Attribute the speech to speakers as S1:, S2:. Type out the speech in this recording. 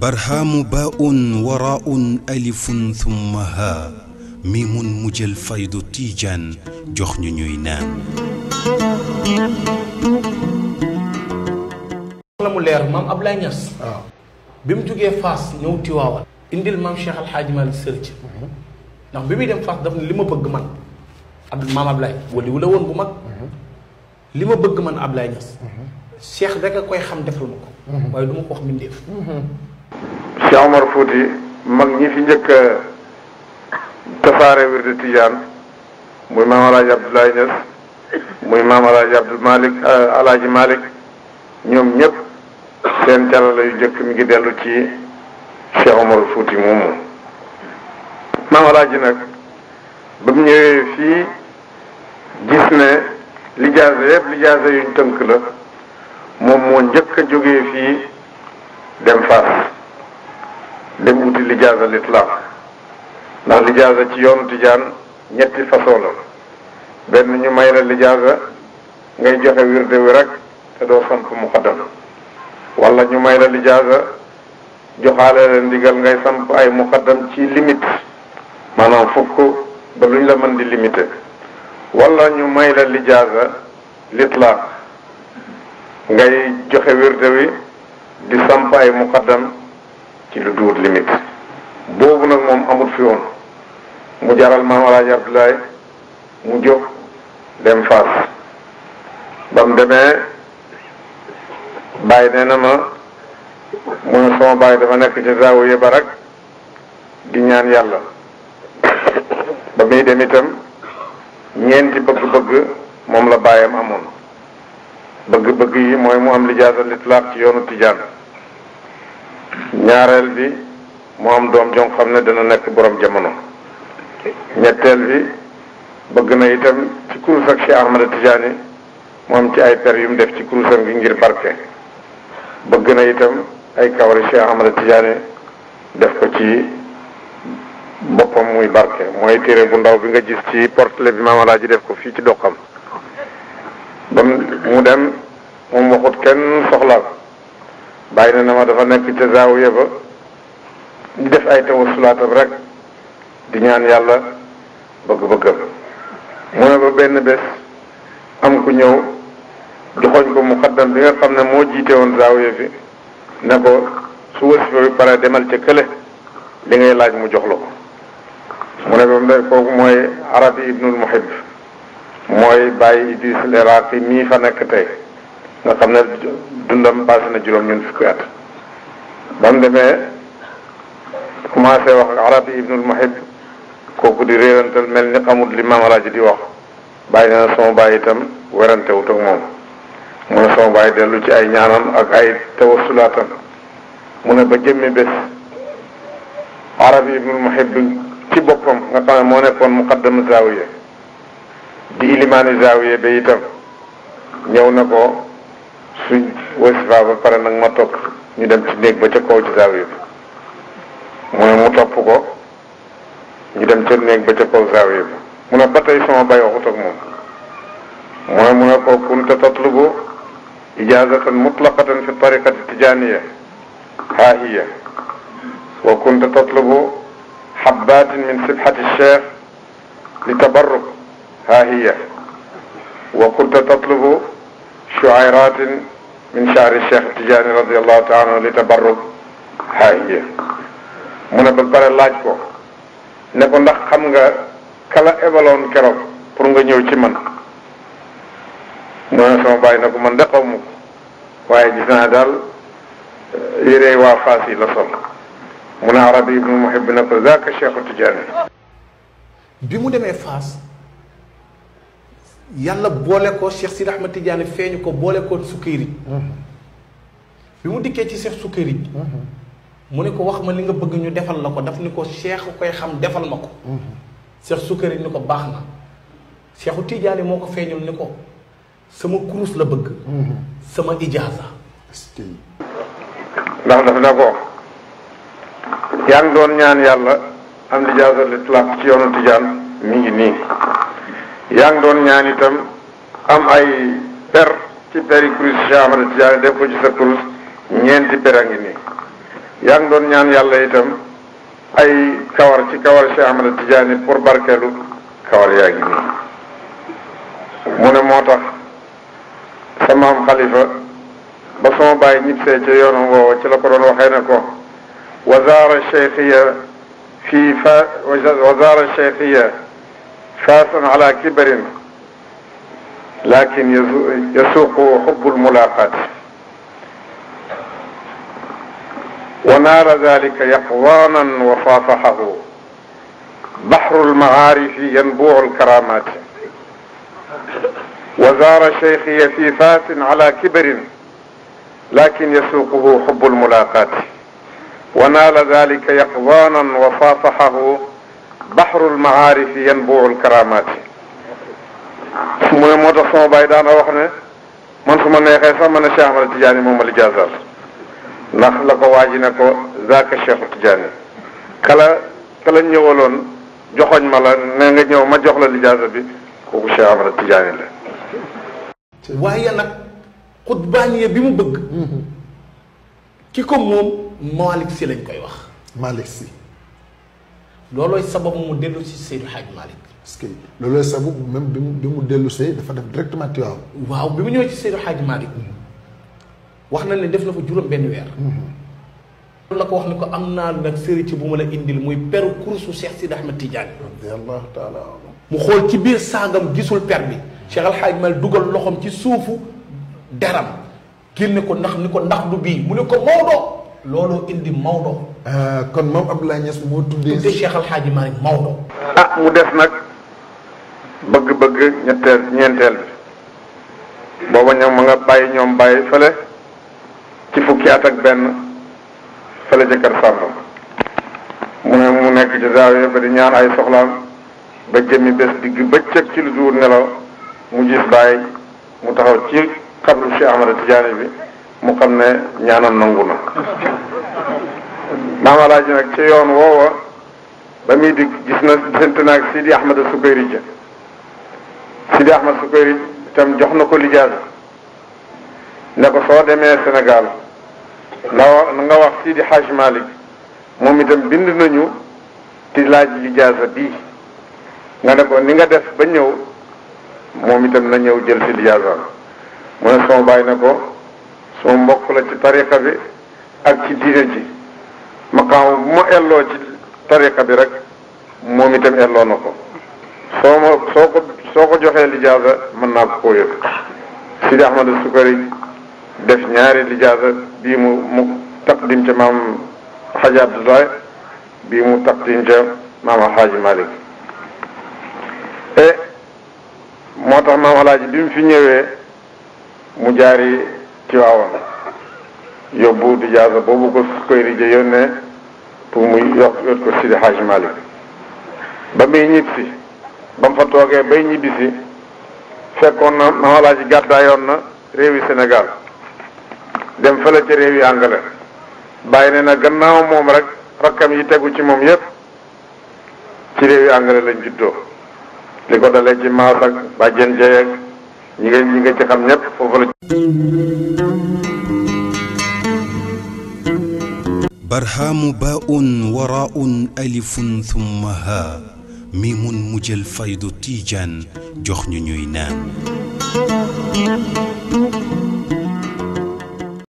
S1: برهام باء وراء ألف ثم ها ميم مجل فيض تيجان جخن نينان la mu leer maam Ablaye Niass bi mu jógee Fass ñëw Tiwaawan indil maam Cheikh Alhaaji Malick Sërci ndax bi muy dem Fass daf ne li ma bëgg man ab maam Ablaye wali wu la woon bu mag li ma bëgg man Ablaye Niass. Cheikh rek a koy xam defal ma ko. waaye du ma ko wax mbindeef.
S2: Cheikh Omar Fouti mag ñi fi njëkk a tasaare wirdu Tijaan muy maam Alaaji Abdoulaye Niass muy maam Alaaji Abdou Malick Alaaji Malick ñoom ñëpp seen calala yu njëkk mi ngi dellu ci Cheikh Omar Fouti moomu. maam Alaaji nag ba mu ñëwee fii gis ne. lijaasa yépp lijaasa yuñ tënk la moom moo njëkk a jógee fii dem Fass dem wuti lijaasa litlaq ndax lijaasa ci yoonu tijaan ñetti façon la benn ñu may la lijaasa ngay joxe wirde wi rek te doo samp muqaddam wala ñu may la lijaasa joxaale la ndigal ngay samp ay muqaddam ci limite maanaam fukk ba luñ la mën di limité wala ñu may la lijaasa litlaaq ngay joxe wirde wi di samp ay muqaddam ci lu duut limite boobu nag moom amut fi woon mu jaral maam alaaji abdoulaye mu jóg dem faas ba mu demee bàyyi nee na ma mu ne sama bàyyi dama nekk ci zaawiya ba rek di ñaan yàlla ba muy dem itam ñeenti bëgg-bëgg moom la baayam amoon bëgg-bëgg yi mooy mu am lijaasa litlaaq ci yoonu tijaan ñaareel bi mu am doom jom xam ne dana nekk boroom jamono ñetteel bi bëgg na itam ci kurus ak Cheikh Ahmada Tijaani mu am ci ay per yu def ci kurusam gi ngir barke bëgg na itam ay kawari Cheikh Ahmada Tijaani def ko ci boppam muy barke mooy téere bu ndaw bi nga gis ci portele bi ma maam ji def ko fii ci doxam ba mu dem moom waxut kenn soxlaal bàyyi na na ma dafa nekk ca zaawiya ba di def ay tawassulaatam rek di ñaan yàlla bëgg-bëggam mu ne ba benn bés am ku ñëw joxoñ ko muqaddam bi nga xam ne moo jiite woon zaawiya bi ne ko su wasifa bi pare demal ca kële li ngay laaj mu jox la ko mu ne ba mu doy kooku mooy arabi ibnul muhib mooy bàyyi idris al iraqi mii fa nekk tey nga xam ne dundam passé na juróom ñun fukki at ba demee commencé wax ak arabi ibnul muhib kooku di réerantal mel ni xamul li maam di wax bàyyi na sama bàyyi itam werante wut moom mu ne sama bàyyi dellu ci ay ñaanam ak ay tawasulaatam mu ne ba jëmmi bés arabi ibnul muhib ci boppam nga xam ne moo nekkoon muqaddamu zaawiya di ilimaani zaawiya ba itam ñëw na ko suñ wasifa ba pare nag ma topp ñu dem ci néeg ba ca kaw ci zaawiya bi mu ne mu ko ñu dem ca néeg ba ca kaw zaawiya mu ne ba tey sama bay waxut ak moom mu ko kunta tatlubu ijaazatan mutlaqatan fi tariqati tijaaniya haa hiya wa kunta tatlubu حبات من سبحة الشيخ لتبرك ها هي وكنت تطلب شعيرات من شعر الشيخ التجاني رضي الله تعالى عنه لتبرك ها هي من ببر الله جبو نكون لك خمغة كلا إبالون كرو برنغة نيو جمن مونا سما باي نكو من دقومك واي جسنا دال يري وافاسي لصمك mun a arabi ibnu muhib ne ko zaaka cheikhu tijaani
S1: bi mu demee Faas yàlla boole ko Cheikh Sidi Ahmed Tidiane feeñu ko boole ko Sukayri bi mu dikkee ci Cheikh Sukayri mu ne ko wax ma li nga bëgg ñu defal la ko daf ni ko cheikh koy xam defal ma ko Cheikh Sukayri ni ko baax na Cheikhu Tidiane moo ko ni ko sama kurus la bëgg sama ijaaza
S2: ndax dafa na ko yaa ngi doon ñaan yàlla am di jaasale tlaak ci yoonu tijaan mi ngi nii yaa ngi doon ñaan itam am ay per ci peri kurus Cheikh Ahmada Tidiane def ko ci sa kurus ñeenti per a ngi nii yaa ngi doon ñaan yàlla itam ay kawar ci kawar Cheikh Ahmada Tidiane pour barkeelu kawar yaa ngi nii mu ne moo tax sa maam xalifa ba sama bàyyi ñib see yoonam woowa ci la ko doon waxee ne ko وزار الشيخية في فا وزار الشيخية فاس على كبر لكن يسوق حب الملاقات ونال ذلك يقظانا وصافحه بحر المعارف ينبوع الكرامات وزار شيخي في فاس على كبر لكن يسوقه حب الملاقات ونال ذلك يقظانا وصافحه بحر المعارف ينبوع الكرامات مو تو سو باي دانا واخني من سوما نيهي سا من شيخ احمد تجاني موم لي جازال نخ لاكو واجي نكو ذاك شيخ تجاني كلا كلا نيوولون جوخوج مالا نيغا نيو ما جوخ لا لي جازال بي كوكو شيخ احمد تجاني لا
S1: وهي نك خطبانيه بيمو بك كيكو موم مالك سي لنج كاي واخ مالك سي لولاي سبب مو ديلو سي سيد حاج مالك اسكي لولاي سبب ميم بيم ديلو سي دا فا ديف ديريكتومون تي واو واو بيم نيو سي سيد حاج مالك واخنا لي ديف نافو جوروم بن وير لا كو واخنا كو امنا نك سيريتي بوما لا انديل موي بير كورسو شيخ سيد احمد تيجان رضي الله تعالى مو خول تي بير سانغام غيسول بيرمي شيخ الحاج مال دوغال لوخوم تي سوفو درام كين نكو نخ نكو نخ دو بي مو نكو مودو loolu indi Maodo. Euh, kon moom Abdoulaye Niass moo tuddee. tuddee Cheikh Al Hadj Malick
S2: ah mu des nag bëgg-bëgg ñetteel ñeenteel bi booba ñoom ma nga bàyyi ñoom bàyyi fële ci fukki at ak benn fële ca kër Samba mu ne mu nekk ci zaawiya ba di ñaan ay soxlaam ba jëmmi bés digg bëccëg ci lu nelaw mu gis bàyyi mu taxaw ci xabru Cheikh Ahmada Tidiane bi. mu xam ne ñaanam nangu na maam alaaji nag ci yoon woowa ba muy dikk gis na gisante naag Sidi Ahmad Sukayri ja Sidi Ahmad Sukayri itam jox na ko lijaas ne ko soo demee Sénégal nga wax nga wax Sidi Hadj Malick moom itam bind nañu ci laaj lijaasa bi nga ne ko ni nga def ba ñëw moom itam na ñëw jël si lijaasa mu ne sama bàyyi ne ko soo mbokk la ci tariqa bi ak ci diine ji maqaama bu ma elloo ci tariqa bi rek moom itam elloo na ko soo ma soo ko soo ko joxee lijaasa mën naa ko koo yëg Sidi Ahmad Sukari def ñaari lijaasa bii mu mu taqdim ca maam Xaji Abdoulaye bii mu taqdim ca maam Xaaji Malik e eh, moo tax maam Alaaji bi mu fi ñëwee mu jaari Tiwaawan yóbbu di jaasa boobu ko koy rije yónnee pour muy yokk yót ko Sidi Hadj Malick ba muy ñibbisi si ba mu fa toogee bay ñibbisi si fekkoon na mawalaa ji gàddaayoon na réewi Sénégal dem fële ca réewi Angleterre bàyyi ne na gannaaw moom rek rakkam yi tegu ci moom yépp ci réewi Angleterre lañ juddoo li ko dalee ci maas ak bàjjen yi nga yi nga ci xam ñépp foofu la.
S1: barhaamu baa'un waraa'un alifun thumma haa miimun mujjal faydu
S2: tiijaan jox ñu ñuy naan.